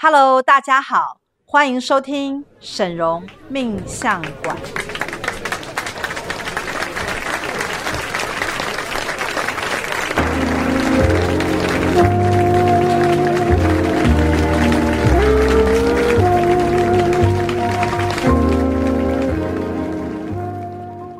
Hello，大家好，歡迎收聽沈嶸命相館。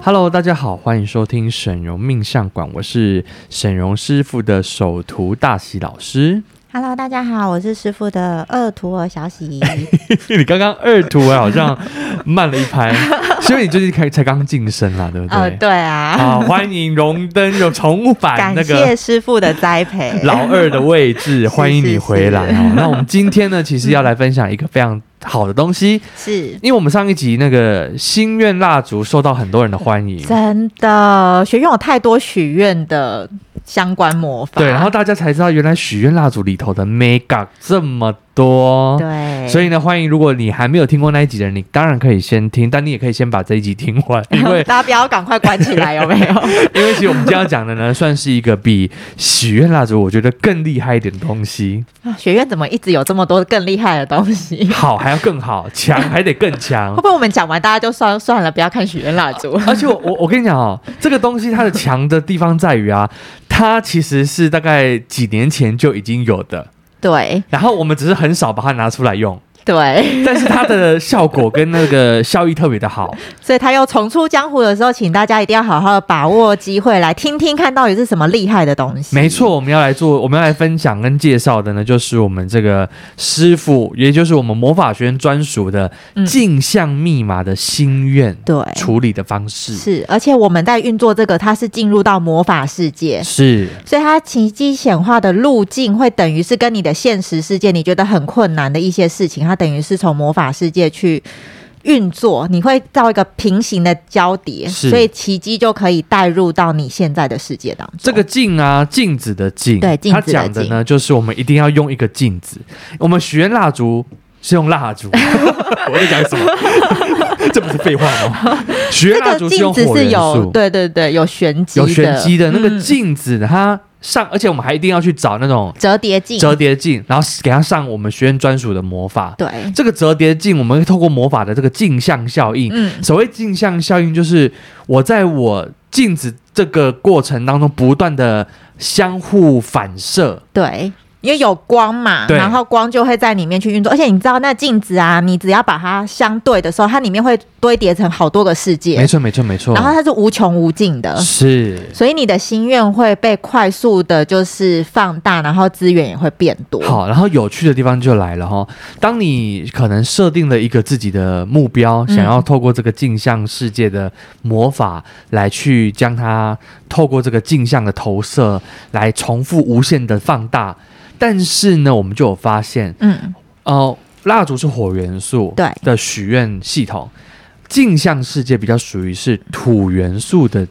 Hello，大家好，歡迎收聽沈嶸命相館，我是沈嶸師傅的首徒大喜老師。Hello，大家好，我是師傅的二徒兒小喜。欸、呵呵，你剛剛二徒兒、欸、好像慢了一拍， 是因為你最近開始才剛晉升了，對不對？呃，對啊。好、哦，歡迎榮登又重返那個，感謝師傅的栽培，老二的位置， 是是是，歡迎你回來、哦。那我們今天呢，其實要來分享一個非常好的東西， 是因為我們上一集那個心願蠟燭受到很多人的歡迎，真的學院有太多許願的。相關模仿，對，然後大家才知道原來許願蠟燭裡頭的 magic 這麼多，對，所以呢，歡迎如果你還沒有聽過那一集的人，你當然可以先聽，但你也可以先把這一集聽完，因為大家不要趕快關起來，有沒有？ 因為其實我們今天要講的呢， 算是一個比許願蠟燭我覺得更厲害一點的東西啊。學院怎麼一直有這麼多更厲害的東西？ 好，還要更好，強還得更強。 會不會我們講完大家就算算了，不要看許願蠟燭？而且我我我跟你講哦、喔， 這個東西它的強的地方在於啊。它其實是大概幾年前就已經有的，對。然後我們只是很少把它拿出來用。對，但是它的效果跟那個效益特別的好， 所以它又重出江湖的時候，請大家一定要好好的把握機會來聽聽看到底是什麼厲害的東西。沒錯，我們要來做，我們要來分享跟介紹的呢，就是我們這個師傅，也就是我們魔法學院專屬的鏡像密碼的心願對處理的方式、嗯、是，而且我們在運作這個，它是進入到魔法世界，是，所以它奇蹟顯化的路徑會等於是跟你的現實世界你覺得很困難的一些事情，它。等於是從魔法世界去運作，你會造一個平行的交疊，所以奇蹟就可以帶入到你現在的世界當中。這個鏡啊，鏡子的鏡，對，他講的，的呢，就是我們一定要用一個鏡子。我們許願蠟燭是用蠟燭， 我在講什麼？ 這不是廢話嗎？許願蠟燭是用火元素，那個鏡子是有，對對對，有玄機的，有玄機的那個鏡子，嗯、它。上，而且我們還一定要去找那種折疊鏡，折疊鏡，然後給它上我們學院專屬的魔法。對，這個折疊鏡，我們會透過魔法的這個鏡像效應。嗯，所謂鏡像效應，就是我在我鏡子這個過程當中不斷的相互反射。對。因為有光嘛，然後光就會在裡面去運作，而且你知道那鏡子啊，你只要把它相對的時候，它裡面會堆疊成好多個世界，沒錯沒錯沒錯。然後它是無窮無盡的，是，所以你的心願會被快速的，就是放大，然後資源也會變多。好，然後有趣的地方就來了哈，當你可能設定了一個自己的目標，想要透過這個鏡像世界的魔法、嗯、來去將它透過這個鏡像的投射來重複無限的放大。但是呢，我們就有發現，嗯，哦、呃，蠟燭是火元素的許願系統，鏡像世界比較屬於是土元素的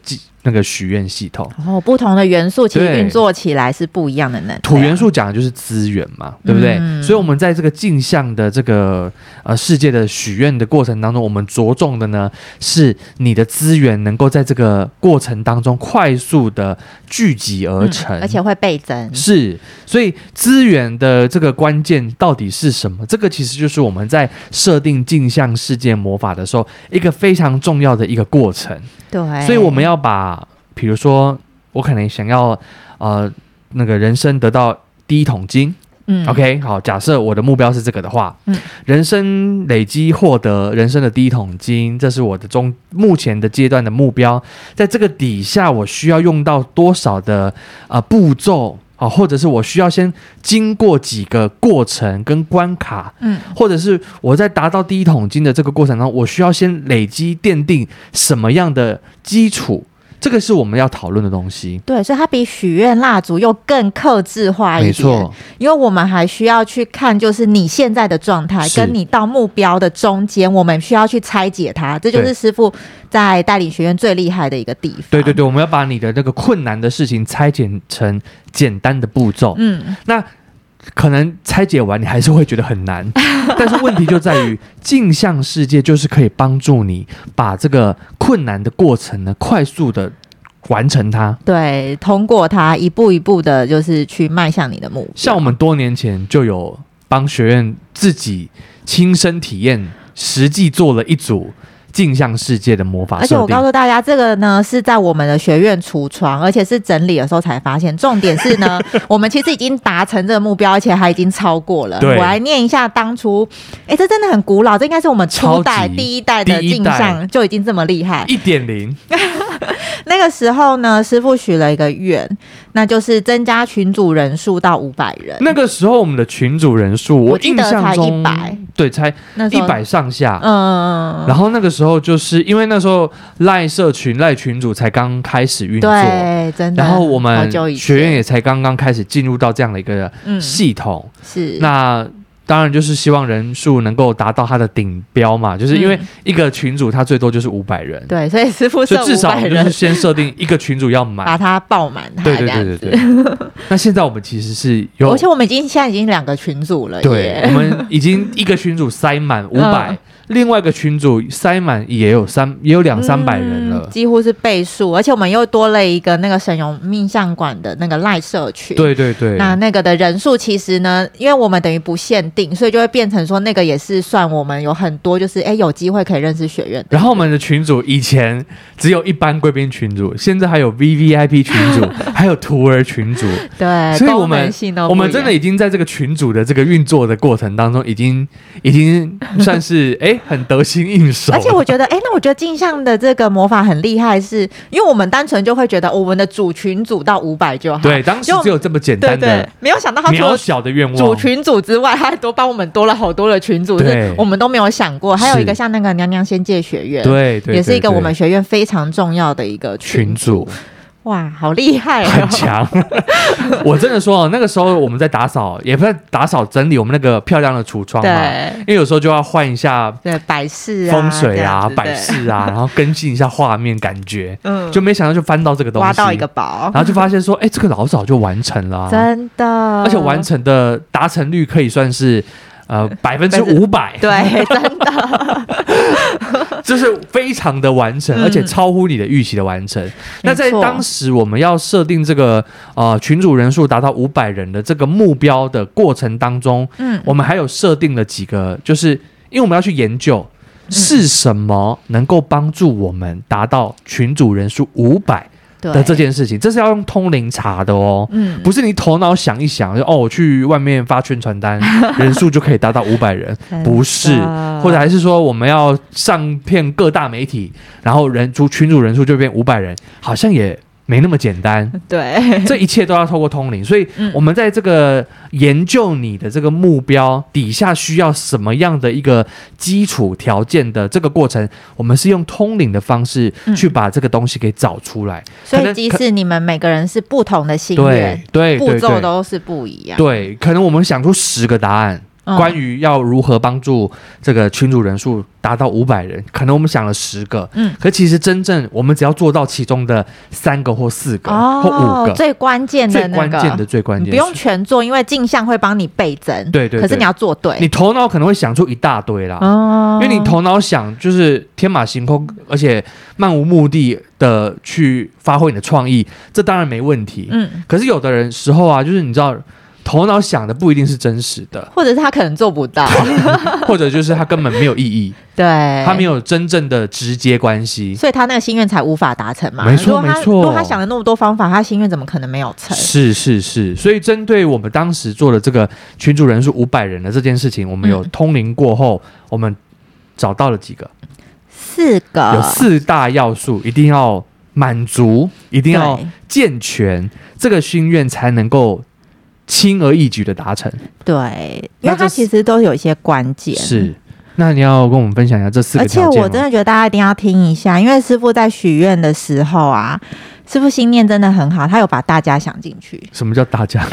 那個許願系統，然、哦、後不同的元素其實運作起來是不一樣的呢。土元素講的就是資源嘛、嗯，對不對？所以，我們在這個鏡像的這個呃世界的許願的過程當中，我們着重的呢是你的資源能夠在這個過程當中快速的聚集而成，嗯、而且會倍增。是，所以資源的這個關鍵到底是什麼？這個其實就是我們在設定鏡像世界魔法的時候一個非常重要的一個過程。對，所以我們要把。比如說，我可能想要呃，那個人生得到第一桶金，嗯，OK，好，假設我的目標是這個的話，嗯，人生累積獲得人生的第一桶金，這是我的中目前的階段的目標。在這個底下，我需要用到多少的呃步驟啊，呃，或者是我需要先經過幾個過程跟關卡，嗯，或者是我在達到第一桶金的這個過程中，我需要先累積奠定什麼樣的基礎？這個是我們要討論的東西，對，所以它比許願蠟燭又更客製化一點，沒錯，因為我們還需要去看，就是你現在的狀態跟你到目標的中間，我們需要去拆解它，這就是師傅在帶領學院最厲害的一個地方。對對對，我們要把你的那個困難的事情拆解成簡單的步驟，嗯，那。可能拆解完你還是會覺得很難，但是問題就在於鏡 像世界就是可以幫助你把這個困難的過程呢快速的完成它。對，通過它一步一步的，就是去邁向你的目標。像我們多年前就有幫學院自己親身體驗，實際做了一組。鏡像世界的魔法，而且我告訴大家，這個呢是在我們的學院櫥窗，而且是整理的時候才發現。重點是呢， 我們其實已經達成這個目標，而且還已經超過了。對，我來念一下當初，哎、欸，這真的很古老，這應該是我們初代、第一代的鏡像就已經這麼厲害，一點零。 那個時候呢，師傅許了一個願，那就是增加群主人數到五百人。那個時候，我們的群主人數，我印象中一百，對，才一百上下。嗯，然後那個時候，就是因為那時候賴社群、賴群主才剛開始運作，對，真的。然後我們學院也才剛剛開始進入到這樣的一個系統，嗯、是那。當然，就是希望人數能夠達到他的頂標嘛，就是因為一個群組，他最多就是五百人、嗯，對，所以師傅說，至少就是先設定一個群組要滿，把它爆滿，對對對對對。 那現在我們其實是有，而且我們已經現在已經兩個群組了耶，對，我們已經一個群組塞滿五百。另外一個群組塞滿也有三也有兩三百人了，嗯，幾乎是倍數，而且我們又多了一個那個沈嶸命相館的那個賴社群，對對對，那那個的人數其實呢，因為我們等於不限定，所以就會變成說那個也是算我們有很多就是哎有機會可以認識學員。然後我們的群組以前只有一般貴賓群組，現在還有 V V I P 群組， 還有徒兒群組。 對，所以我們我們真的已經在這個群組的這個運作的過程當中，已經已經算是哎。 誒很得心應手，而且我覺得，哎、欸，那我覺得鏡像的這個魔法很厲害是，是因為我們單純就會覺得我們的主群組到五百就好，對，當時只有這麼簡單的，對對對沒有想到他除了主群組之外，他還多幫我們多了好多的群組是，是我們都沒有想過。還有一個像那個娘娘仙界學院，對,對,對,對,對，也是一個我們學院非常重要的一個群組。群組哇，好厲害，哦！很強， 我真的說，哦，那個時候我們在打掃， 也不是打掃整理我們那個漂亮的櫥窗嘛，啊，因為有時候就要換一下對擺飾啊、風水啊、擺飾啊，啊，然後更新一下畫面感覺，嗯， 就沒想到就翻到這個東西，挖到一個寶，然後就發現說，哎，欸，這個老早就完成了，真的，而且完成的達成率可以算是呃百分之五百， 對，真的。 就是非常的完成，而且超乎你的預期的完成。嗯、那在當時我們要設定這個呃群組人數達到五百人的這個目標的過程當中，嗯，我們還有設定了幾個，就是因為我們要去研究、嗯、是什麼能夠幫助我們達到群組人數五百。的這件事情，這是要用通靈查的哦、嗯，不是你頭腦想一想哦，我去外面發宣傳單， 人數就可以達到五百人， 不是，或者還是說我們要上遍各大媒體，然後人主群組人數就變五百人，好像也沒那麼簡單，對，這一切都要透過通靈，所以，我們在這個研究你的這個目標、嗯、底下需要什麼樣的一個基礎條件的這個過程，我們是用通靈的方式去把這個東西給找出來。嗯、所以，即使你們每個人是不同的心願，對對、對、對對，步驟都是不一樣。對，可能我們想出十個答案。關於要如何幫助這個群組人數達到五百人，可能我們想了十個，嗯，可其實真正我們只要做到其中的三個或四個、哦、或五個，最關鍵的、那個、最關鍵的、最關鍵的，不用全做，因為鏡像會幫你倍增，對，對對。可是你要做對，你頭腦可能會想出一大堆啦，哦、因為你頭腦想就是天馬行空，而且漫無目的的去發揮你的創意，這當然沒問題，嗯。可是有的人時候啊，就是你知道。頭腦想的不一定是真實的，或者是他可能做不到， 或者就是他根本沒有意義。 對，他沒有真正的直接關係，所以他那個心願才無法達成嘛。沒錯，沒錯。如果他想了那麼多方法，他心願怎麼可能沒有成？是是是。所以針對我們當時做的這個群組人數五百人的這件事情，我們有通靈過後、嗯，我們找到了幾個，四個，有四大要素一定要滿足、嗯，一定要健全，這個心願才能夠。輕而易舉的達成，對，因為他其實都有一些關鍵。是，那你要跟我們分享一下這四個條件。而且我真的覺得大家一定要聽一下，因為師傅在許願的時候啊，師傅心念真的很好，他有把大家想進去。什麼叫大家？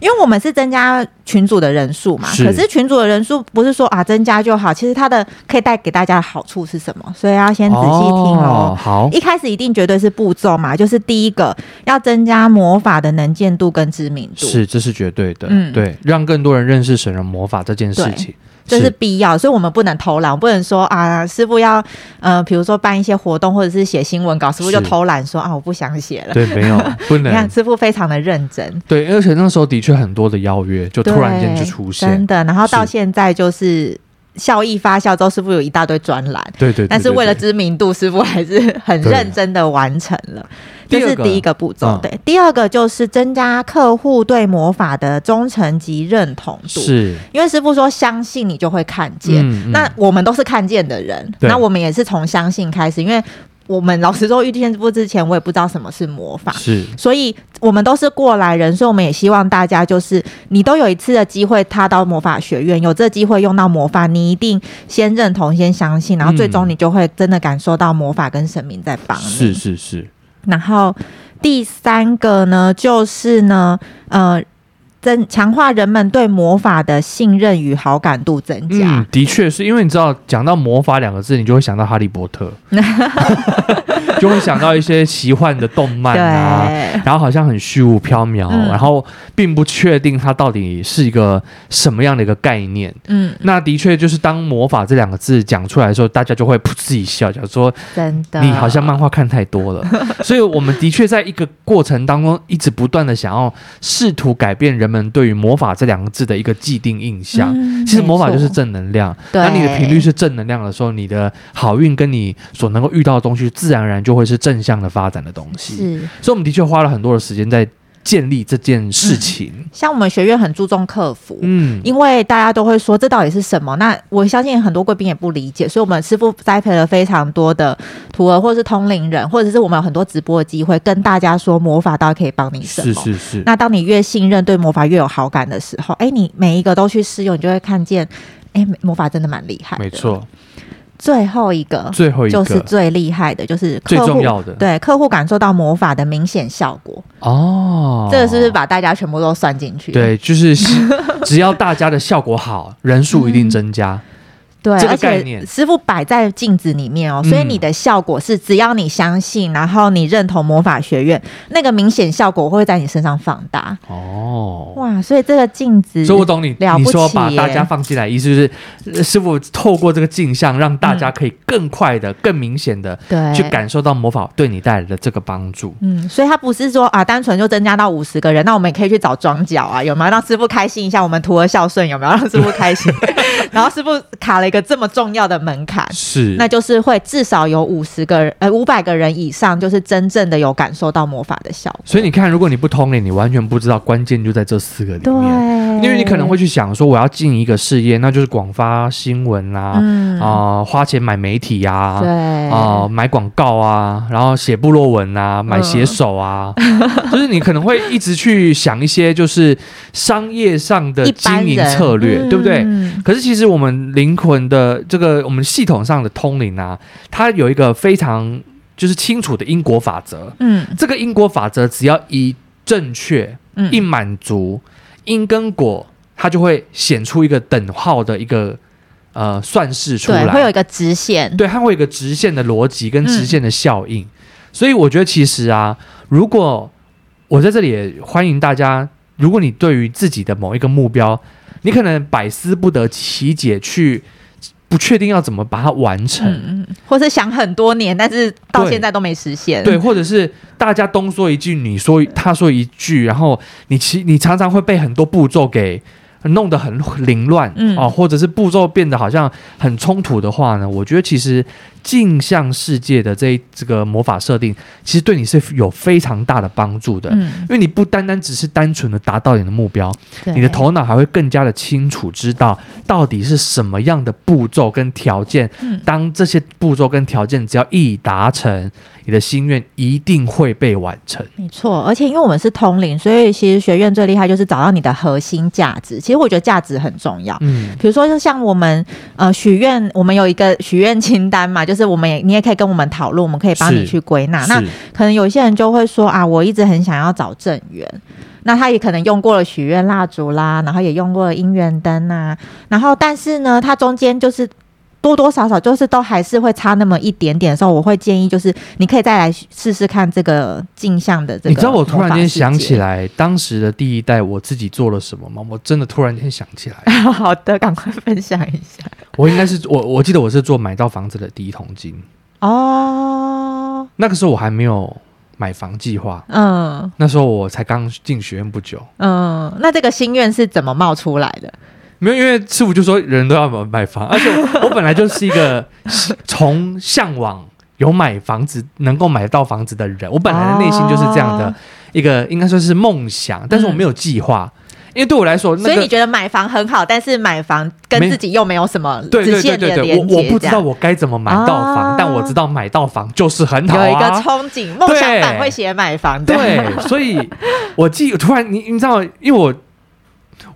因為我們是增加群組的人數嘛，可是群組的人數不是說啊增加就好，其實它的可以帶給大家的好處是什麼？所以要先仔細聽嘍，哦。好，一開始一定絕對是步驟嘛，就是第一個要增加魔法的能見度跟知名度，是，這是絕對的，嗯，對，讓更多人認識神人魔法這件事情。這、就是必要，所以我們不能偷懶，我不能說啊，師傅要呃，比如說辦一些活動或者是寫新聞稿，師傅就偷懶說啊，我不想寫了。對，沒有，不能 你看。師傅非常的認真。對，而且那時候的確很多的邀約就突然間就出現，真的。然後到現在就是，是效益發酵之後，師傅有一大堆專欄。對對，對，對對。但是為了知名度，師傅還是很認真的完成了。這是第一個步驟。哦，對。第二個就是增加客戶對魔法的忠誠及認同度。是，因為師傅說，相信你就會看見。嗯，那我們都是看見的人，嗯、那我們也是從相信開始。因為我們老實說，遇見師傅之前，我也不知道什麼是魔法。是，所以我們都是過來人，所以我們也希望大家，就是你都有一次的機會踏到魔法學院，有這機會用到魔法，你一定先認同，先相信，然後最終你就會真的感受到魔法跟神明在幫你。是、嗯、是是。是是然後第三個呢，就是呢，呃。增強化人們對魔法的信任與好感度增加。嗯，的確是因為你知道講到魔法兩個字，你就會想到哈利波特， 就會想到一些奇幻的動漫啊，然後好像很虛無縹緲，嗯，然後並不確定它到底是一個什麼樣的一個概念。嗯，那的確就是當魔法這兩個字講出來的時候，大家就會噗嗤一笑，假如說真的，你好像漫畫看太多了。 所以，我們的確在一個過程當中一直不斷的想要試圖改變人們。對於魔法這兩個字的一個既定印象，嗯、其實魔法就是正能量。當你的頻率是正能量的時候，你的好運跟你所能夠遇到的東西，自然而然就會是正向的發展的東西。所以我們的確花了很多的時間在。建立這件事情、嗯，像我們學院很注重客服，嗯，因為大家都會說這到底是什麼？那我相信很多貴賓也不理解，所以我們師傅栽培了非常多的徒兒，或是通靈人，或者是我們有很多直播的機會跟大家說魔法到底可以幫你什麼？是是是。那當你越信任，對魔法越有好感的時候，哎、欸，你每一個都去試用，你就會看見，哎、欸，魔法真的蠻厲害，沒錯。最後一個，最後一個就是最厲害的，就是客戶最重要的，對客戶感受到魔法的明顯效果哦。這個是不是把大家全部都算進去？對，就是只要大家的效果好， 人數一定增加。嗯對、這個，而且師傅擺在鏡子裡面哦、喔嗯，所以你的效果是只要你相信，然後你認同魔法學院，那個明顯效果會在你身上放大。哦，哇，所以這個鏡子，說不懂你了不起。你說把大家放進來，意思就是師傅透過這個鏡像，讓大家可以更快的、嗯、更明顯的去感受到魔法對你帶來的這個幫助。嗯，所以他不是說啊，單純就增加到五十個人，那我們也可以去找裝腳啊，有沒有，讓師傅開心一下，我們徒兒孝順，有沒有讓師傅開心？ 然後是不是卡了一個這麼重要的門檻？是，那就是會至少有五十個人呃五百個人以上，就是真正的有感受到魔法的效果。所以你看，如果你不通靈，你完全不知道關鍵就在這四個裡面。對，因為你可能會去想說，我要進一個事業，那就是廣發新聞啊啊、嗯呃，花錢買媒體呀、啊，對啊、呃，買廣告啊，然後寫部落文啊，買寫手啊，嗯、 就是你可能會一直去想一些就是商業上的經營策略，對不對？嗯、可是。其實我們靈魂的這個我們系統上的通靈啊，它有一個非常就是清楚的因果法則。嗯，這個因果法則只要一正確，嗯、一滿足因跟果，它就會顯出一個等號的一個呃算式出來。它會有一個直線。對，它會有一個直線的邏輯跟直線的效應。嗯、所以我覺得其實啊，如果我在這裡也歡迎大家，如果你對於自己的某一個目標，你可能百思不得其解，去不確定要怎麼把它完成，嗯，或是想很多年，但是到現在都沒實現。對，對，或者是大家東說一句，你說他說一句，然後你其你常常會被很多步驟給弄得很凌亂，嗯、啊，或者是步驟變得好像很衝突的話呢，我覺得其實。鏡像世界的這一這個魔法設定，其實對你是有非常大的幫助的，嗯，因為你不單單只是單純的達到你的目標，對，你的頭腦還會更加的清楚，知道到底是什麼樣的步驟跟條件。當這些步驟跟條件只要一達成，嗯，你的心願一定會被完成。沒錯，而且因為我們是通靈，所以其實學院最厲害就是找到你的核心價值。其實我覺得價值很重要，嗯，比如說就像我們呃許願，我們有一個許願清單嘛，就是。是我們也，你也可以跟我們討論，我們可以幫你去歸納。那可能有些人就會說啊，我一直很想要找正緣，那他也可能用過了許願蠟燭啦，然後也用過了姻緣燈吶。然後但是呢，他中間就是。多多少少就是都還是會差那麼一點點的時候，我會建議就是你可以再來試試看這個鏡像的這個。你知道我突然間想起來，當時的第一代我自己做了什麼嗎？我真的突然間想起來。 好的，趕快分享一下。我應該是我我記得我是做買到房子的第一桶金哦。 那個時候我還沒有買房計劃，嗯，那時候我才剛進學院不久，嗯，那這個心願是怎麼冒出來的？沒有，因為師傅就說人都要買買房， 而且我本來就是一個從嚮往有買房子能夠買到房子的人，我本來的內心就是這樣的一個應該說是夢想，啊、但是我沒有計劃，嗯、因為對我來說、那個，所以你覺得買房很好，但是買房跟自己又沒有什麼直線的連接，我不知道我該怎麼買到房，啊、但我知道買到房就是很好，啊，有一個憧憬，夢想板會寫買房對，對，所以我記得突然你你知道，因為我。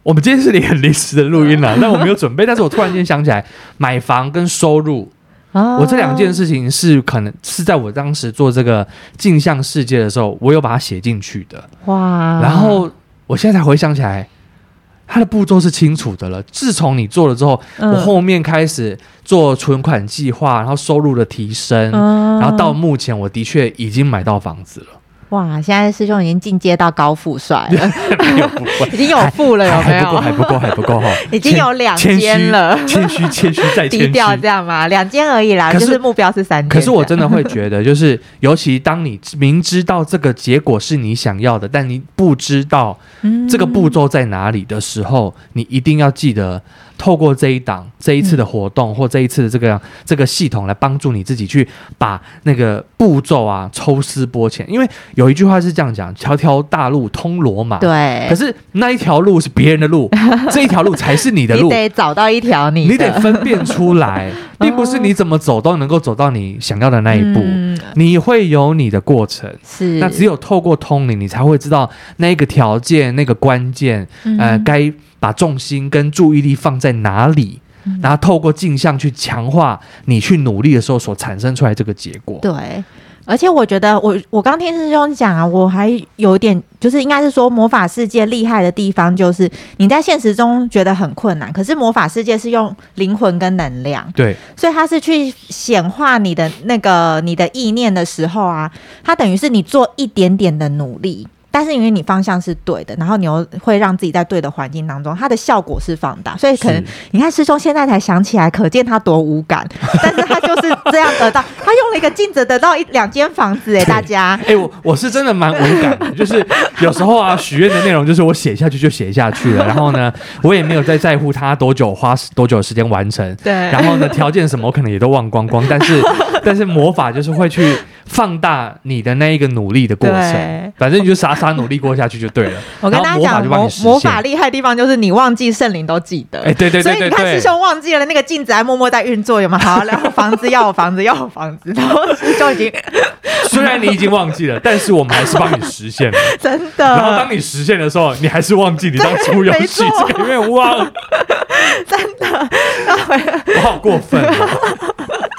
我們今天是連很臨時的錄音了，但我沒有準備，但是我突然間想起來，買房跟收入，我這兩件事情是可能是在我當時做這個鏡像世界的時候，我有把它寫進去的。哇！然後我現在才回想起來，它的步驟是清楚的了。自從你做了之後，我後面開始做存款計劃，然後收入的提升，然後到目前，我的確已經買到房子了。哇！現在師兄已經進階到高富帥， 已經有富了，有沒有？ 還不夠，還不夠，還不夠哈！夠哦、 已經有兩間了，謙虛，謙虛，再 低調，這樣嘛？兩間而已啦，就是目標是三間。可是我真的會覺得，就是尤其當你明知道這個結果是你想要的，但你不知道這個步驟在哪裡的時候，嗯、你一定要記得。透過這一檔、這一次的活動，或這一次的這個這個系統來幫助你自己去把那個步驟啊抽絲剝繭，因為有一句話是這樣講：條條大路通羅馬。對，可是那一條路是別人的路， 這一條路才是你的路。你得找到一條你， 你得分辨出來，並不是你怎麼走都能夠走到你想要的那一步，嗯，你會有你的過程。是，那只有透過通靈，你才會知道那個條件、那個關鍵、嗯，呃，該。把重心跟注意力放在哪裡，然後透過鏡像去強化你去努力的時候所產生出來這個結果。嗯，對，而且我覺得我，我我剛聽師兄講啊，我還有一點就是，應該是說魔法世界厲害的地方，就是你在現實中覺得很困難，可是魔法世界是用靈魂跟能量。對，所以它是去顯化你的那個你的意念的時候啊，它等於是你做一點點的努力。但是因為你方向是對的，然後你又會讓自己在對的環境當中，它的效果是放大，所以可能你看師兄現在才想起來，可見他多無感，但是他就是這樣得到， 他用了一個鏡子得到一兩間房子哎、欸，大家哎、欸，我我是真的蠻無感的， 就是有時候啊許願的內容就是我寫下去就寫下去了，然後呢我也沒有再在，在乎他多久花多久的時間完成，對，然後呢條件什麼我可能也都忘光光，但是但是魔法就是會去。放大你的那一個努力的過程，反正你就傻傻努力過下去就對了。我跟大家講，魔法魔法厲害的地方就是你忘記，聖靈都記得。哎，對對對對。所以你看，師兄忘記了那個鏡子，還默默在運作，有沒有？好，然後房子要我房子要我房子， 然後師兄已經雖然你已經忘記了， 但是我們還是幫你實現了。真的。然後當你實現的時候，你還是忘記你當初遊戲、這個、有去，因為忘了。 真的，我好過分、哦。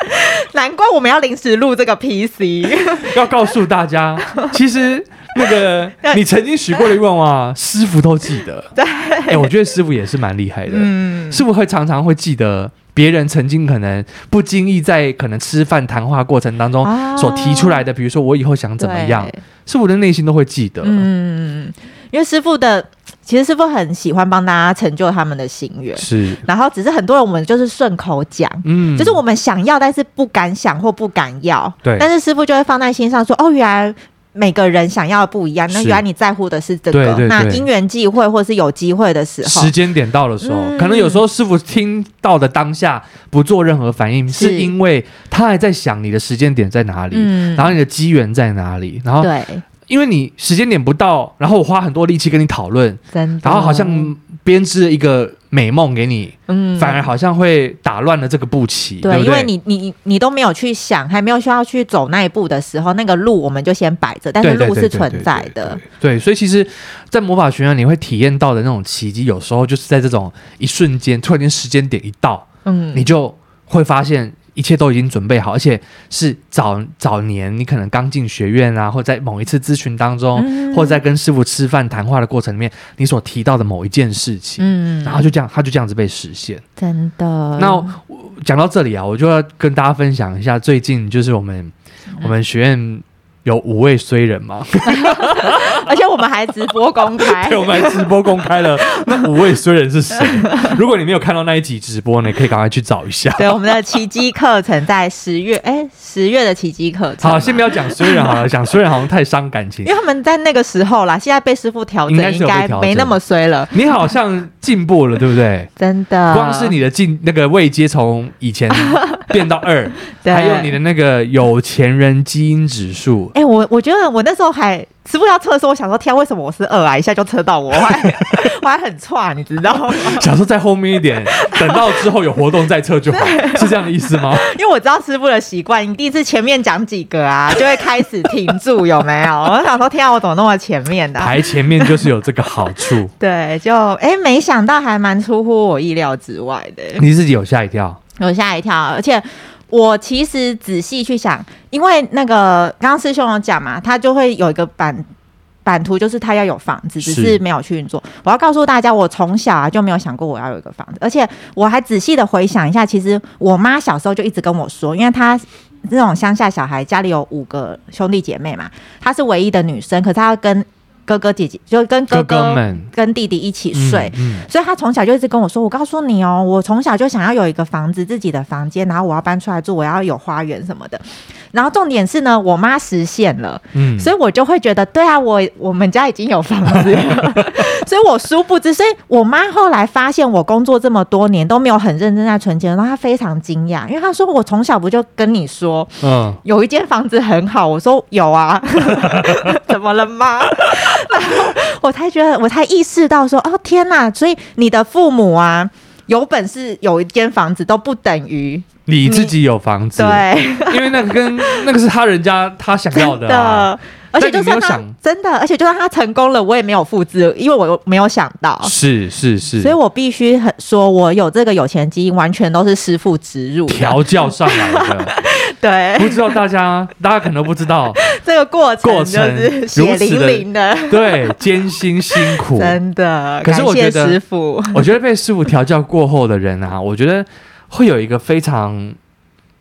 難怪我們要臨時錄這個 PC 要告訴大家， 其實那個你曾經許過的願望， 師傅都記得。對、欸，我覺得師傅也是蠻厲害的。嗯，師傅會常常會記得別人曾經可能不經意在可能吃飯談話過程當中所提出來的，哦、比如說我以後想怎麼樣，是我的內心都會記得。嗯，因為師傅的。其實師父很喜歡幫大家成就他們的心願，是。然後只是很多人我們就是順口講，嗯，就是我們想要，但是不敢想或不敢要，對。但是師父就會放在心上說，說哦，原來每個人想要的不一樣，那原來你在乎的是這個。對對對，那因緣際會或是有機會的時候，對對對，時間點到的時候、嗯，可能有時候師父聽到的當下不做任何反應，是，是因為他還在想你的時間點在哪裡，嗯、然後你的機緣在哪裡，然後對。因為你時間點不到，然後我花很多力氣跟你討論，然後好像編織一個美夢給你，嗯，反而好像會打亂了這個步棋。對，對，對，因為你你你都沒有去想，還沒有需要去走那一步的時候，那個路我們就先擺着，但是路是存在的。對，對，對，對，對，對，對，對，所以其實，在魔法學院你會體驗到的那種奇蹟，有時候就是在這種一瞬間，突然間時間點一到，嗯，你就會發現。一切都已經準備好，而且是早早年，你可能剛進學院啊，或者在某一次諮詢當中，嗯、或者在跟師傅吃飯談話的過程裡面，你所提到的某一件事情，嗯，然後就這樣，他就這樣子被實現，真、嗯、的。那我我講到這裡啊，我就要跟大家分享一下最近，就是我們、嗯、我們學院。有五位衰人嗎？ 而且我們還直播公開。 對，我們還直播公開了，那五位衰人是誰？如果你沒有看到那一集直播呢，你可以趕快去找一下。對，我們的奇蹟課程在十月，哎、欸，十月的奇蹟課程。好，先不要講衰人好了，講衰人好像太傷感情， 因為他們在那個時候啦，現在被師父調整，應該沒那麼衰了。你好像進步了，對不對？ 真的，光是你的進那個位階從以前。 變到二，還有你的那個有錢人基因指數。哎、欸，我我覺得我那時候還師傅要測的時候，我想說天、啊，為什麼我是二啊？一下就測到我，我還， 我還很差，你知道嗎？想說再後面一點，等到之後有活動再測就好，是這樣的意思嗎？因為我知道師傅的習慣，你第一次前面講幾個啊，就會開始停住，有沒有？我想說天啊，我怎麼那麼前面的、啊？排前面就是有這個好處， 對，就哎、欸，沒想到還蠻出乎我意料之外的。你自己有嚇一跳？我嚇一跳，而且我其實仔細去想，因為那個剛剛師兄有講嘛，他就會有一個版版圖，就是他要有房子，只是沒有去運作。我要告訴大家，我從小啊就沒有想過我要有一個房子，而且我還仔細的回想一下，其實我媽小時候就一直跟我說，因為她那種鄉下小孩，家裡有五個兄弟姐妹嘛，她是唯一的女生，可是她跟。哥哥姐姐就跟哥哥，哥哥們跟弟弟一起睡，嗯嗯、所以他從小就一直跟我說：“我告訴你哦、喔，我從小就想要有一個房子，自己的房間，然後我要搬出來住，我要有花園什麼的。”然後重點是呢，我媽實現了、嗯，所以我就會覺得：“對啊，我我們家已經有房子了。 ”所以我殊不知，所以我媽後來發現我工作這麼多年都沒有很認真在存錢，然後她非常驚訝，因為她說：“我從小不就跟你說，嗯，有一間房子很好。”我說：“有啊， 怎麼了嗎？媽？” 然後我才覺得，我才意識到說，哦天哪！所以你的父母啊，有本事有一間房子都不等於你自己有房子。對， 因為那個跟那個是他人家他想要的，啊，但你沒有想，而且就算他真的，而且就算他成功了，我也沒有複製，因為我沒有想到。是是是，所以我必須很說，我有這個有錢基因，完全都是師父植入、調教上來的。 對，不知道大家，大家可能不知道 這個過程就是血淋淋的，過程如此的，血淋淋的 對，艱辛辛苦，真的。可是我覺得，我覺得被師傅調教過後的人啊，我覺得會有一個非常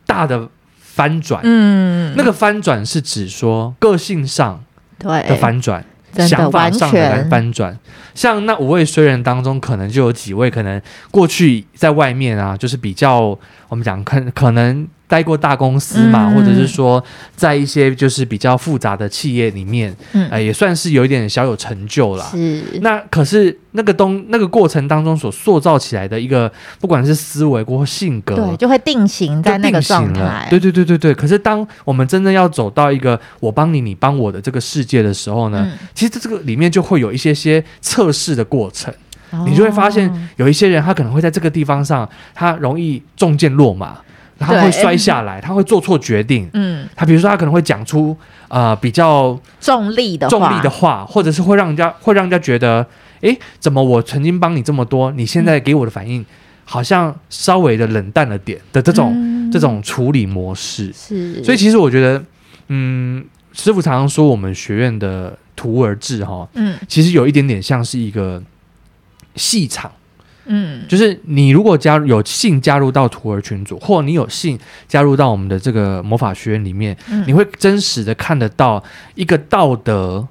大的翻轉。嗯，那個翻轉是指說個性上的翻轉，想法上的來翻轉。像那五位衰人當中，可能就有幾位可能過去在外面啊，就是比較我們講可可能。待過大公司嘛，嗯、或者是說在一些就是比較複雜的企業裡面，嗯，呃、也算是有一點小有成就了。是。那可是那個東那個過程當中所塑造起來的一個，不管是思維或性格，對，就會定型在那個狀態。定型了。對對對對對。可是當我們真正要走到一個我幫你你幫我的這個世界的時候呢，嗯、其實這這個裡面就會有一些些測試的過程，哦，你就會發現有一些人他可能會在這個地方上他容易中箭落馬。他會摔下來，他會做錯決定。嗯，他比如說他可能會講出呃比較重力的重力的話，或者是會讓人家會讓人家覺得，哎，怎麼我曾經幫你這麼多，你現在給我的反應、嗯、好像稍微的冷淡了點的這種、嗯、這種處理模式。是，所以其實我覺得，嗯，師父常常說我們學院的徒兒制哈，嗯，其實有一點點像是一個戲場。嗯，就是你如果加入，有幸加入到徒兒群組，或你有幸加入到我們的這個魔法學院裡面，嗯、你會真實的看得到一個道德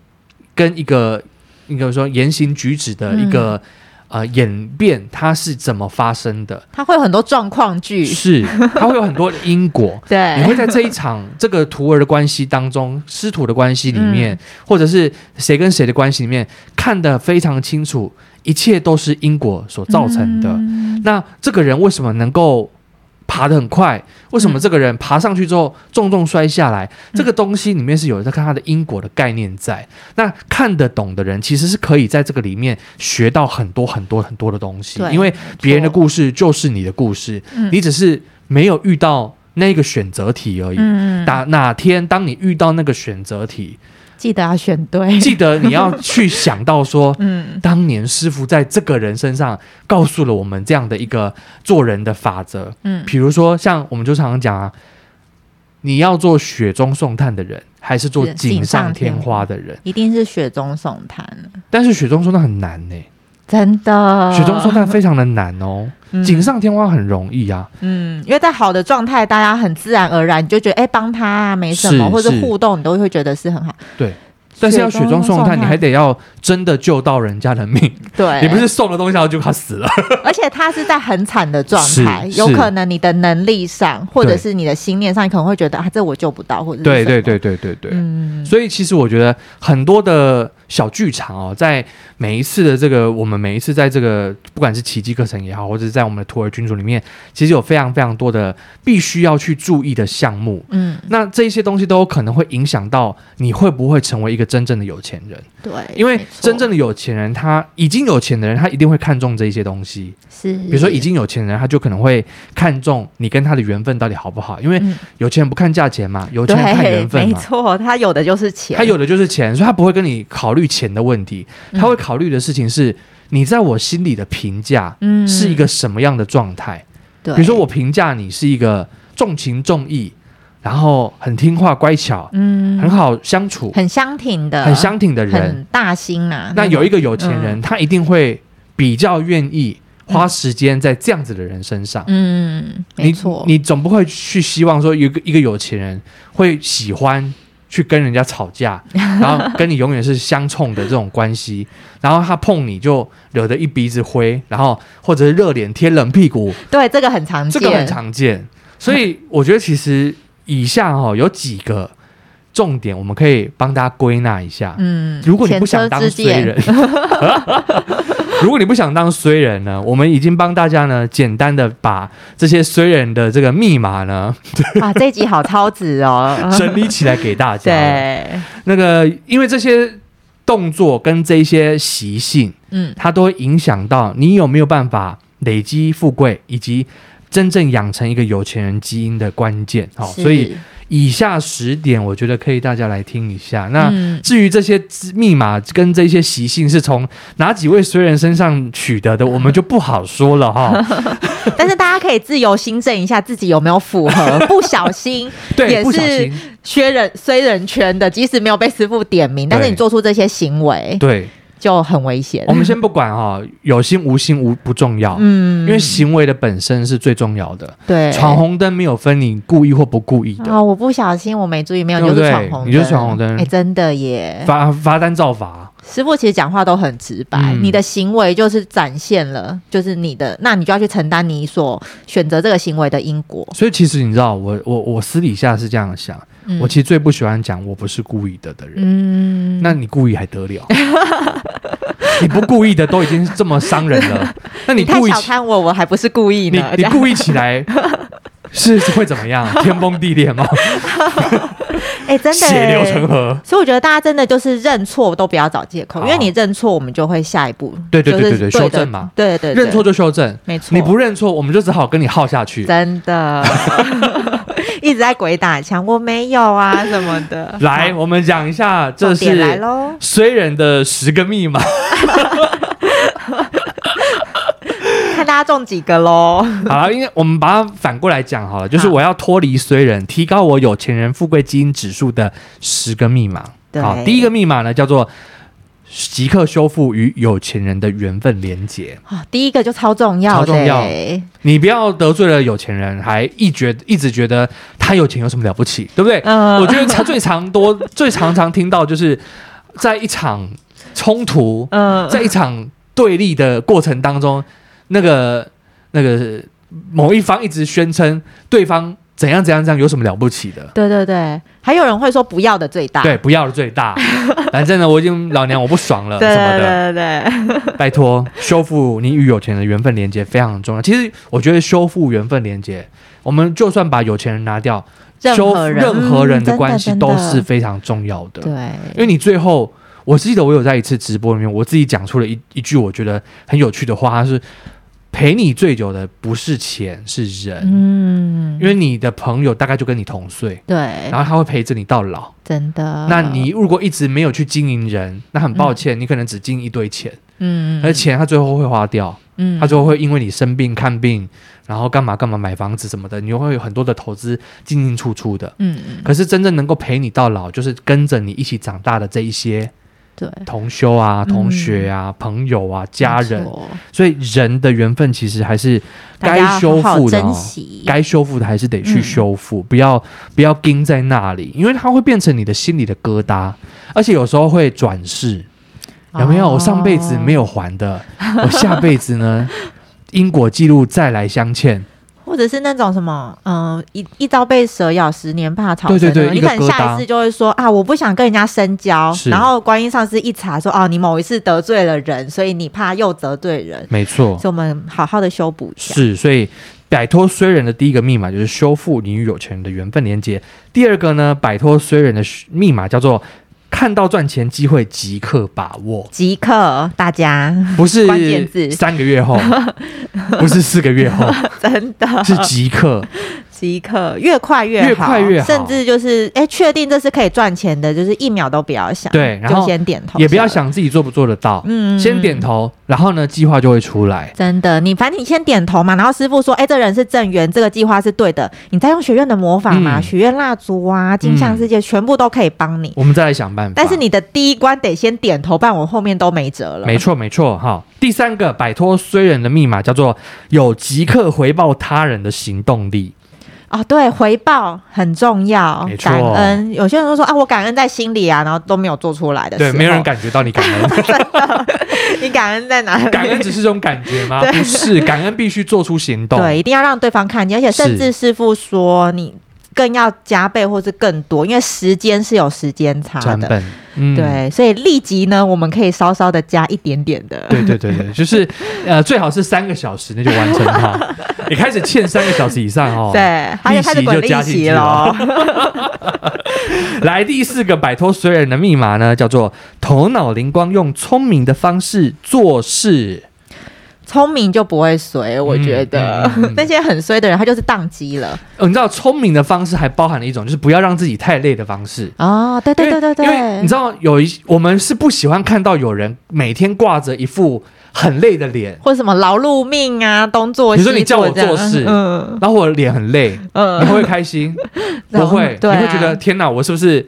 跟一個，你比如說言行舉止的一個、嗯、呃演變，它是怎麼發生的？它會有很多狀況劇，是它會有很多的因果。對， 你會在這一場這個徒兒的關係當中，師徒的關係裡面、嗯，或者是誰跟誰的關係裡面，看得非常清楚。一切都是因果所造成的。嗯、那這個人為什麼能夠爬得很快？為什麼這個人爬上去之後重重摔下來？嗯、這個東西裡面是有人在看他的因果的概念在、嗯。那看得懂的人其實是可以在這個裡面學到很多很多很多的東西。因為別人的故事就是你的故事，嗯、你只是沒有遇到那個選擇題而已。嗯、哪哪天當你遇到那個選擇題，記得要、啊、選對，記得你要去想到說， 嗯，當年師父在這個人身上告訴了我們這樣的一個做人的法則，嗯，比如說像我們就常常講啊，你要做雪中送炭的人，還是做錦上添花的人？一定是雪中送炭，但是雪中送炭很難呢、欸。真的，雪中送炭非常的難哦。錦、嗯、上添花很容易啊。嗯，因為在好的狀態，大家很自然而然你就覺得，哎、欸，幫他、啊、沒什麼，或者互動，你都會覺得是很好。對，但是要雪中送炭，你還得要真的救到人家的命。對，你不是送了東西他就死了。 而且他是在很慘的狀態，有可能你的能力上，或者是你的心念上，你可能會覺得啊，這我救不到，或者對對對對對對。嗯。所以其實我覺得很多的。小劇場哦，在每一次的這個，我們每一次在這個，不管是奇蹟課程也好，或者是在我們的托兒君主裡面，其實有非常非常多的必須要去注意的項目。嗯，那這些東西都有可能會影響到你會不會成為一個真正的有錢人。對，因為真正的有錢人，他已經有錢的人，他一定會看重這一些東西。是，是，比如說已經有錢的人，他就可能會看中你跟他的緣分到底好不好，因為有錢人不看價錢嘛，有錢人看緣分。沒錯，他有的就是錢，他有的就是錢，所以他不會跟你考慮錢的問題，他會考慮的事情是你在我心裡的評價，嗯，是一個什麼樣的狀態？嗯，對，比如說我評價你是一個重情重義，然後很聽話乖巧，嗯，很好相處，很相挺的，很相挺的人，很大心嘛，啊。那有一個有錢人，嗯，他一定會比較願意花時間在這樣子的人身上。嗯，沒錯，你總不會去希望說一個一個有錢人會喜歡去跟人家吵架，然後跟你永遠是相沖的這種關係， 然後他碰你就惹得一鼻子灰，然後或者是熱臉貼冷屁股。對，這個很常見，這個很常見。所以我覺得其實以下哈、哦、 有幾個重點，我們可以幫大家歸納一下。嗯，如果你不想當衰人， 如果你不想當衰人呢，我們已經幫大家呢簡單的把這些衰人的這個密碼呢，啊，這集好超值哦， 整理起來給大家。對，那個因為這些動作跟這些習性，嗯，它都會影響到你有沒有辦法累積富貴以及。真正養成一個有錢人基因的關鍵，好、哦，所以以下十點，我覺得可以大家來聽一下。嗯、那至於這些密碼跟這些習性是從哪幾位衰人身上取得的、嗯，我們就不好說了哈、哦。但是大家可以自由心證一下自己有沒有符合， 不小心也是衰人衰人圈的，即使沒有被師傅點名，但是你做出這些行為，對。就很危險。我們先不管哈、哦，有心無心無不重要，嗯，因為行為的本身是最重要的。對，闖紅燈沒有分你故意或不故意的。啊、哦，我不小心，我沒注意，沒有，對對就是闖紅燈，你就闖紅燈。哎、欸，真的耶，罰罰單照罰。師父其實講話都很直白、嗯，你的行為就是展現了，就是你的，那你就要去承擔你所選擇這個行為的因果。所以其實你知道，我我我私底下是這樣想。我其實最不喜歡講我不是故意的的人。嗯，那你故意還得了？ 你不故意的都已經這麼傷人了，那你故意你看我，我還不是故意呢？你故意起來 是會怎麼樣？天崩地裂嗎？ 哎、欸，真的、欸、血流成河，所以我覺得大家真的就是認錯都不要找借口，因為你認錯，我們就會下一步對對對對，對、就是、對，修正嘛，對對，對，對，認錯就修正，沒錯，你不認錯，我們就只好跟你耗下去，真的 一直在鬼打牆，我沒有啊什麼的，來我們講一下，這是來嘍，衰人的十個密碼。 大家中幾個嘍？好，因為我們把它反過來講好了，就是我要脫離衰人，提高我有錢人富貴基因指數的十個密碼。好，第一個密碼呢，叫做即刻修復與有錢人的緣分連接。啊，第一個就超重要，超重要！你不要得罪了有錢人，還一覺一直覺得他有錢有什麼了不起，對不對？嗯，我覺得他最常多 最常常聽到就是在一場衝突，嗯，在一場對立的過程當中。那個那個某一方一直宣稱對方怎樣怎樣，這樣有什麼了不起的？對對對，還有人會說不要的最大，對，不要的最大。 反正呢，我已經老娘我不爽了， 對對對對什麼的，對對對。拜託，修復你與有錢人的緣分連接非常重要。其實我覺得修復緣分連接，我們就算把有錢人拿掉，任何人修任何人的關係都是非常重要的。對、嗯，因為你最後，我記得我有在一次直播裡面，我自己講出了一一句我覺得很有趣的話，是，陪你最久的不是錢，是人。嗯，因為你的朋友大概就跟你同歲，對，然後他會陪着你到老，真的。那你如果一直沒有去經營人，那很抱歉，嗯、你可能只經營一堆錢，嗯，而且錢他最後會花掉，嗯，他最後會因為你生病看病，嗯，然後幹嘛幹嘛買房子什麼的，你會有很多的投資進進出出的，嗯嗯。可是真正能夠陪你到老，就是跟着你一起長大的這一些。對，同修啊，同學啊，嗯、朋友啊，家人，所以人的緣分其實還是該修復的、哦，該修復的還是得去修復、嗯，不要不要釘在那裡，因為它會變成你的心裡的疙瘩，而且有時候會轉世、哦，有沒有？我上輩子沒有還的，哦、我下輩子呢 因果記錄再來相欠。或者是那種什麼，嗯，一一朝被蛇咬，十年怕草繩，對對對。你可能下一次就會說啊，我不想跟人家深交。然後觀音上師一查說，哦，啊，你某一次得罪了人，所以你怕又得罪人。沒錯，所以我們好好的修補一下。是，所以擺脫衰人的第一個密碼就是修復你與有錢人的緣分連接。第二個呢，擺脫衰人的密碼叫做。看到賺錢機會即刻把握，即刻大家不是，三個月後 不是四個月後， 真的是即刻。即刻，越快越好，越快越好，甚至就是誒，確定這是可以賺錢的，就是一秒都不要想，對，然後先點頭，也不要想自己做不做得到，嗯，先點頭，然後呢，計劃就會出來。真的，你反正你先點頭嘛，然後師傅說，欸，這人是正緣，這個計劃是對的，你再用學院的魔法嘛，許願蠟燭啊，鏡像世界、嗯，全部都可以幫你。我們再來想辦法，但是你的第一關得先點頭辦，不然我後面都沒轍了。沒錯，沒錯，哈。第三個擺脫衰人的密碼叫做有即刻回報他人的行動力。啊、哦，對，回報很重要，感恩。有些人都說啊，我感恩在心裡啊，然後都沒有做出來的。對，沒有人感覺到你感恩。 你感恩在哪裡？感恩只是一種感覺嗎？不是，感恩必須做出行動。對，一定要讓對方看見，而且甚至師傅說你。更要加倍或是更多，因為時間是有時間差的。本、嗯。對，所以利息呢，我們可以稍稍的加一點點的。對對對對， 就是呃，最好是三個小時那就完成它。你 開始欠三個小時以上 哦，對，利息就加進去了。 來，第四個擺脫衰運人的密碼呢，叫做頭腦靈光，用聰明的方式做事。聰明就不會衰，我覺得、嗯、那些很衰的人， 他就是宕機了、哦。你知道，聰明的方式還包含了一種，就是不要讓自己太累的方式。啊、哦、對，對，對，對對對對對，你知道，有一我們是不喜歡看到有人每天掛着一副很累的臉，或者什麼勞碌命啊，動作。比如你說你叫我做事、嗯，然後我臉很累，你、嗯、會開心？ 不會、啊，你會覺得天哪，我是不是？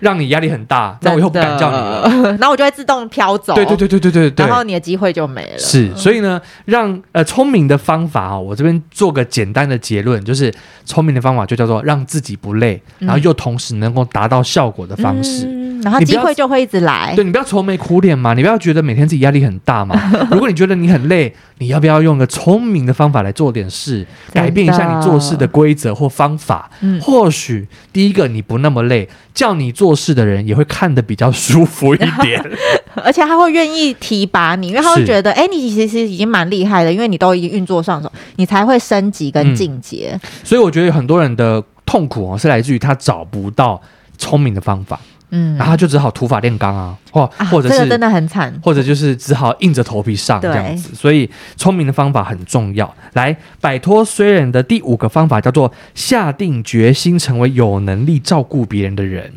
讓你壓力很大，那我又不敢叫你了， 然後我就會自動飄走。對對對對對對，然後你的機會就沒了。是，嗯、所以呢，讓呃聰明的方法啊、哦，我這邊做個簡單的結論，就是聰明的方法就叫做讓自己不累、嗯，然後又同時能夠達到效果的方式。嗯然後機會就會一直來，你，對，你不要愁眉苦臉嘛，你不要覺得每天自己壓力很大嘛。 如果你覺得你很累，你要不要用個聰明的方法來做點事，改變一下你做事的規則或方法？嗯、或許第一個你不那麼累，叫你做事的人也會看得比較舒服一點， 而且他會願意提拔你，因為他會覺得，哎、欸，你其實已經蠻厲害的，因為你都已經運作上手，你才會升級跟進階。嗯、 所以我覺得很多人的痛苦哦，是來自於他找不到聰明的方法。嗯，然後就只好土法煉鋼啊，或啊或者是、這個、真的很慘，或者就是只好硬着頭皮上這樣子。所以聰明的方法很重要。來擺脫衰人的第五個方法叫做下定決心成為有能力照顧別人的人。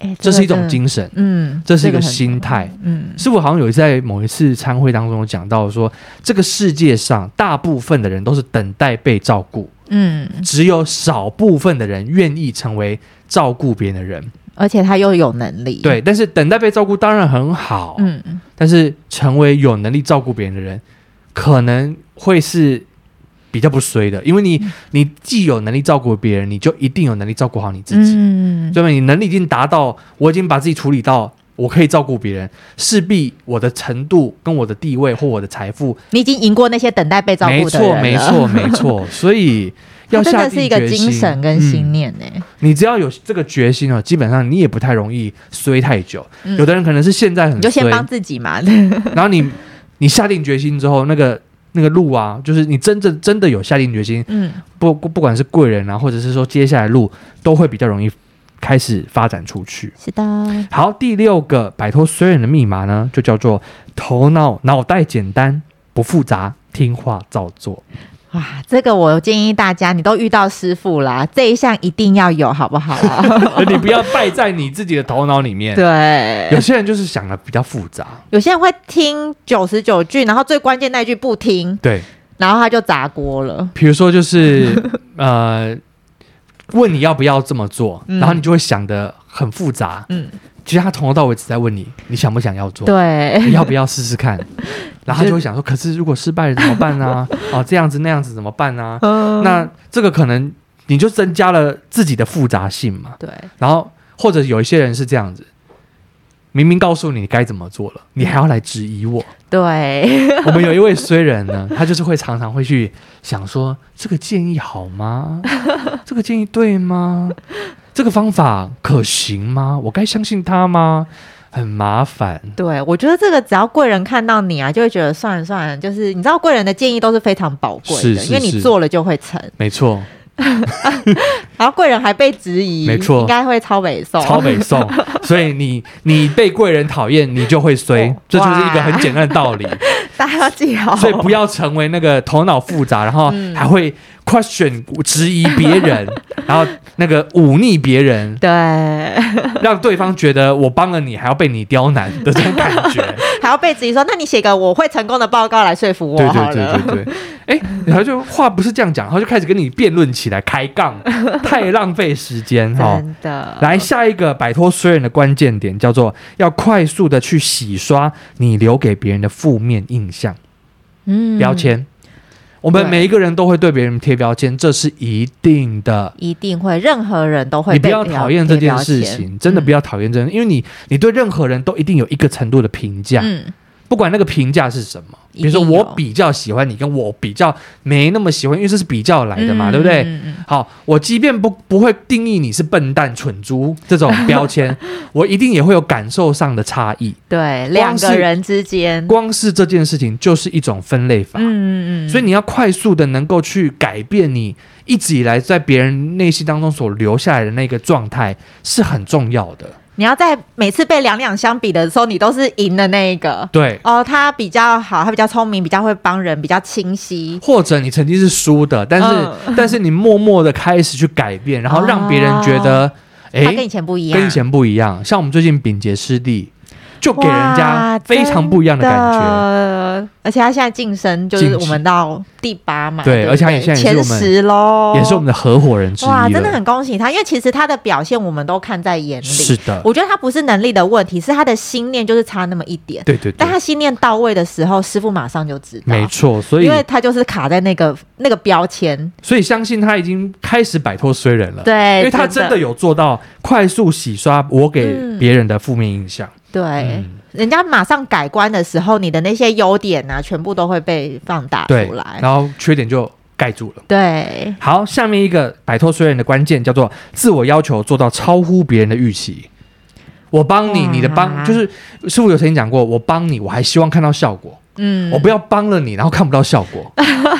欸、真的這是一種精神，嗯，這是一個心態。嗯，師傅好像有在某一次參會當中有講到說，這個世界上大部分的人都是等待被照顧，嗯，只有少部分的人願意成為照顧別人的人。而且他又有能力，對，但是等待被照顧當然很好，嗯，但是成為有能力照顧別人的人，可能會是比較不衰的，因為你，你既有能力照顧別人，你就一定有能力照顧好你自己，嗯，對吧？所以你能力已經達到，我已經把自己處理到我可以照顧別人，勢必我的程度跟我的地位或我的財富，你已經贏過那些等待被照顧的人，人。沒錯，沒錯，所以要下定決心它真的是一個精神跟信念呢、欸。嗯你只要有這個決心哦，基本上你也不太容易衰太久。嗯、有的人可能是現在很衰，就先幫自己嘛。然後你你下定決心之後，那個那個路啊，就是你真正真的有下定決心，嗯，不不管是貴人啊，或者是說接下來路都會比較容易開始發展出去。是的。好，第六個擺脫衰人的密碼呢，就叫做頭腦腦袋簡單不複雜，聽話照做。哇，這個我建議大家，你都遇到師傅啦，這一項一定要有，好不好啊？ 你不要敗在你自己的頭腦裡面。對，有些人就是想的比較複雜，有些人會聽九十九句，然後最關鍵那句不聽，對，然後他就砸鍋了。比如說，就是呃，問你要不要這麼做， 然後你就會想的很複雜，嗯。嗯其實他從頭到尾只在問你，你想不想要做？對，你要不要試試看？ 然後他就會想說，可是如果失敗了怎麼辦呢、啊？啊、 哦，這樣子那樣子怎麼辦呢、啊嗯？那這個可能你就增加了自己的複雜性嘛。對。然後或者有一些人是這樣子，明明告訴你該怎麼做了，你還要來質疑我。對。我們有一位衰人呢，他就是會常常會去。想說，這個建議好嗎？這個建議對嗎？這個方法可行嗎？我該相信他嗎？很麻煩。對，我覺得這個只要貴人看到你啊，就會覺得算了算了。就是你知道，貴人的建議都是非常寶貴的，是是是，因為你做了就會成。沒錯。 然後貴人還被質疑，沒錯，應該會超背誦，超背誦。所以你你被貴人討厭，你就會衰、哦，這就是一個很簡單的道理，大家要記好。所以不要成為那個頭腦複雜，嗯、然後還會 question 質疑別人、嗯，然後那個忤逆別人，對， 讓對方覺得我幫了你，還要被你刁難的這種感覺。 然後被質疑說，那你寫個我會成功的報告來說服我好了。對對對對對，對，哎、欸，然 後就話不是這樣講，然後就開始跟你辯論起來，開槓，太浪費時間哈、 哦。真的，來下一個擺脫衰人的關鍵點叫做要快速的去洗刷你留給別人的負面印象，嗯，標籤。我們每一個人都會對別人貼標籤，這是一定的，一定會。任何人都會，你不要討厭這件事情，嗯，真的不要討厭這件事，因為你你對任何人都一定有一個程度的評價，嗯，不管那個評價是什麼。比如說，我比較喜歡你，跟我比較沒那麼喜歡，因為這是比較來的嘛，嗯、對不對？好，我即便不不會定義你是笨蛋、蠢豬這種標籤， 我一定也會有感受上的差異。對，兩個人之間，光是這件事情就是一種分類法。嗯嗯嗯，所以你要快速的能夠去改變你一直以來在別人內心當中所留下來的那個狀態，是很重要的。你要在每次被兩兩相比的時候，你都是贏的那一個。對哦，他比較好，他比較聰明，比較會幫人，比較清晰。或者你曾經是輸的，但是、嗯、但是你默默的開始去改變，然後讓別人覺得，哎、哦，欸、他跟以前不一樣，跟以前不一樣。像我們最近秉潔師弟。就給人家非常不一樣的感覺，而且他現在晉升就是我們到第八嘛，對，對，對，而且他也現在也是前十嘍，也是我們的合夥人之一。哇，真的很恭喜他，因為其實他的表現我們都看在眼裡。是的，我覺得他不是能力的問題，是他的心念就是差那麼一點。對對，對，但他心念到位的時候，師傅馬上就知道。沒錯，所以因為他就是卡在那個那個標籤，所以相信他已經開始擺脫衰人了。對，因為他真的有做到快速洗刷我給別人的負面印象。嗯對、嗯，人家馬上改觀的時候，你的那些優點呢、啊，全部都會被放大出來，然後缺點就蓋住了。對，好，下面一個擺脫衰運人的關鍵叫做自我要求做到超乎別人的預期。我幫你，你的幫、啊、就是師傅有曾經講過，我幫你，我還希望看到效果。嗯， 我不要幫了你，然後看不到效果，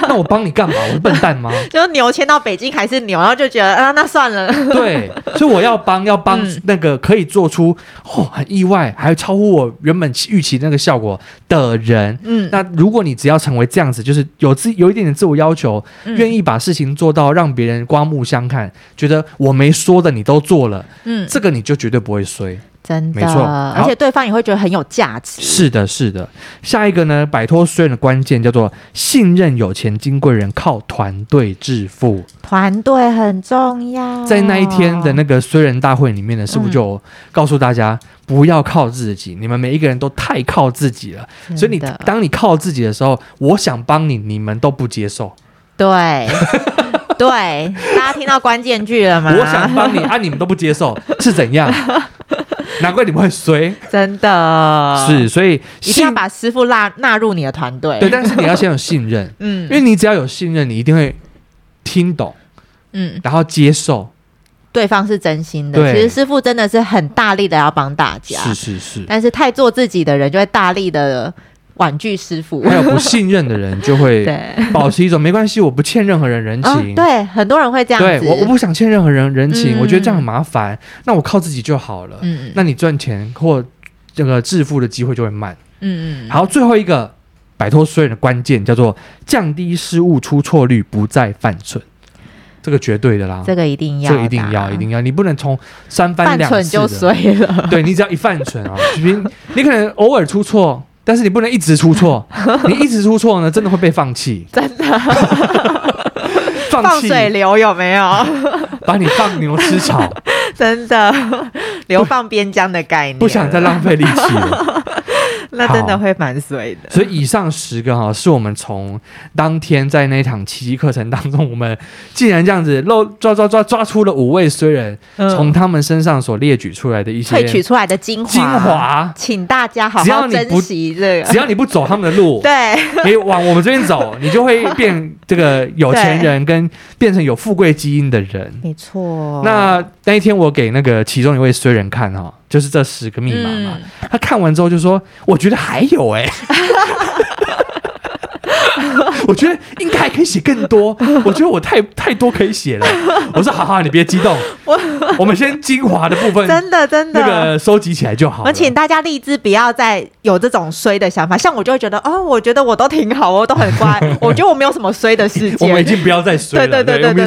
那我幫你幹嘛？我是笨蛋嗎？ 就是牛牽到北京還是牛，然後就覺得啊，那算了。 對，所以我要幫，要幫那個可以做出哦很意外，還有超乎我原本預期那個效果的人。 嗯，那如果你只要成為這樣子，就是有自有一點點自我要求，願意把事情做到讓別人刮目相看，覺得我沒說的你都做了，嗯，這個你就絕對不會衰。真的沒錯，而且對方也會覺得很有價值。是的，是的。下一個呢，擺脫衰人的關鍵叫做信任有錢金貴人，靠團隊致富。團隊很重要。在那一天的那個衰人大會裡面呢，是不是就告訴大家，嗯，不要靠自己。你們每一個人都太靠自己了。所以你當你靠自己的時候，我想幫你，你們都不接受。對， 對，大家聽到關鍵句了嗎？ 我想幫你啊，你們都不接受，是怎樣？ 難怪你們會衰，真的 是，所以一定要把師父納納入你的團隊。對， 但是你要先有信任， 嗯，因為你只要有信任，你一定會聽懂，嗯，然後接受，對方是真心的，其實師父真的是很大力的要幫大家，是是是，但是太做自己的人就會大力的。婉拒師傅，還有不信任的人就會 保持一種沒關係，我不欠任何人人情、哦。嗯、對，很多人會這樣。對我，我不想欠任何人人情，我,嗯、我覺得這樣很麻煩。那我靠自己就好了。嗯嗯。那你賺錢或這個致富的機會就會慢。嗯嗯。好，最後一個擺脫衰的關鍵叫做降低失誤出錯率，不再犯蠢。這個絕對的啦，這個一定要，這個一定要，一定要，你不能從三番兩次犯蠢就衰了。對你只要一犯蠢啊， 你可能偶爾出錯。但是你不能一直出錯， 你一直出錯呢，真的會被放棄，真的 放，放水流有沒有？ 把你放牛吃草， 真的流放邊疆的概念，不，不想再浪費力氣。 那真的會蠻衰的。所以以上十個哈，是我們從當天在那場奇蹟課程當中，我們竟然這樣子漏抓，抓抓抓抓出了五位衰人，從他們身上所列舉出來的一些萃取出來的精華，精華，請大家好好珍惜這個。只要你不，只要你不走他們的路， 對，你往我們這邊走，你就會變這個有錢人，跟變成有富貴基因的人。沒錯。那那一天我給那個其中一位衰人看哈。就是這十個密碼嘛。嗯，他看完之後就說：“我覺得還有欸。 ” 我覺得應該還可以寫更多。 我覺得我太太多可以寫了。 我說：好好，你別激動，我，我們先精華的部分， 真的真的那個收集起來就好了。我們請大家立志不要再有這種衰的想法。像我就會覺得，哦，我覺得我都挺好哦，我都很乖。 我覺得我沒有什麼衰的事情。 我們已經不要再衰了，對對對對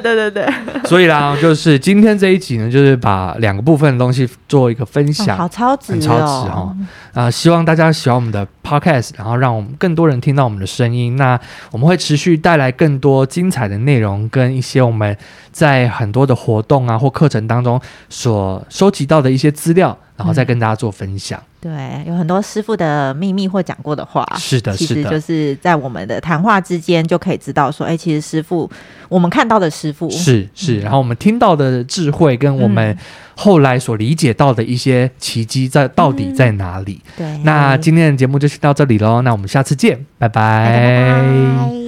對對。所以啦，就是今天這一集呢，就是把兩個部分的東西做一個分享，哦，好超值哦，很超值哦。啊，嗯，呃，希望大家喜歡我們的 Podcast，然後讓我們更多人。聽到我們的聲音，那我們會持續帶來更多精彩的內容，跟一些我們在很多的活動啊或課程當中所收集到的一些資料，然後再跟大家做分享。嗯對，有很多師傅的秘密或講過的話，是的，是的，其實就是在我們的談話之間就可以知道，說，哎，其實師傅，我們看到的師傅是是、嗯，然後我們聽到的智慧跟我們後來所理解到的一些奇蹟在、嗯、到底在哪裡、嗯？對，那今天的節目就先到這裡嘍，那我們下次見，拜拜。拜拜。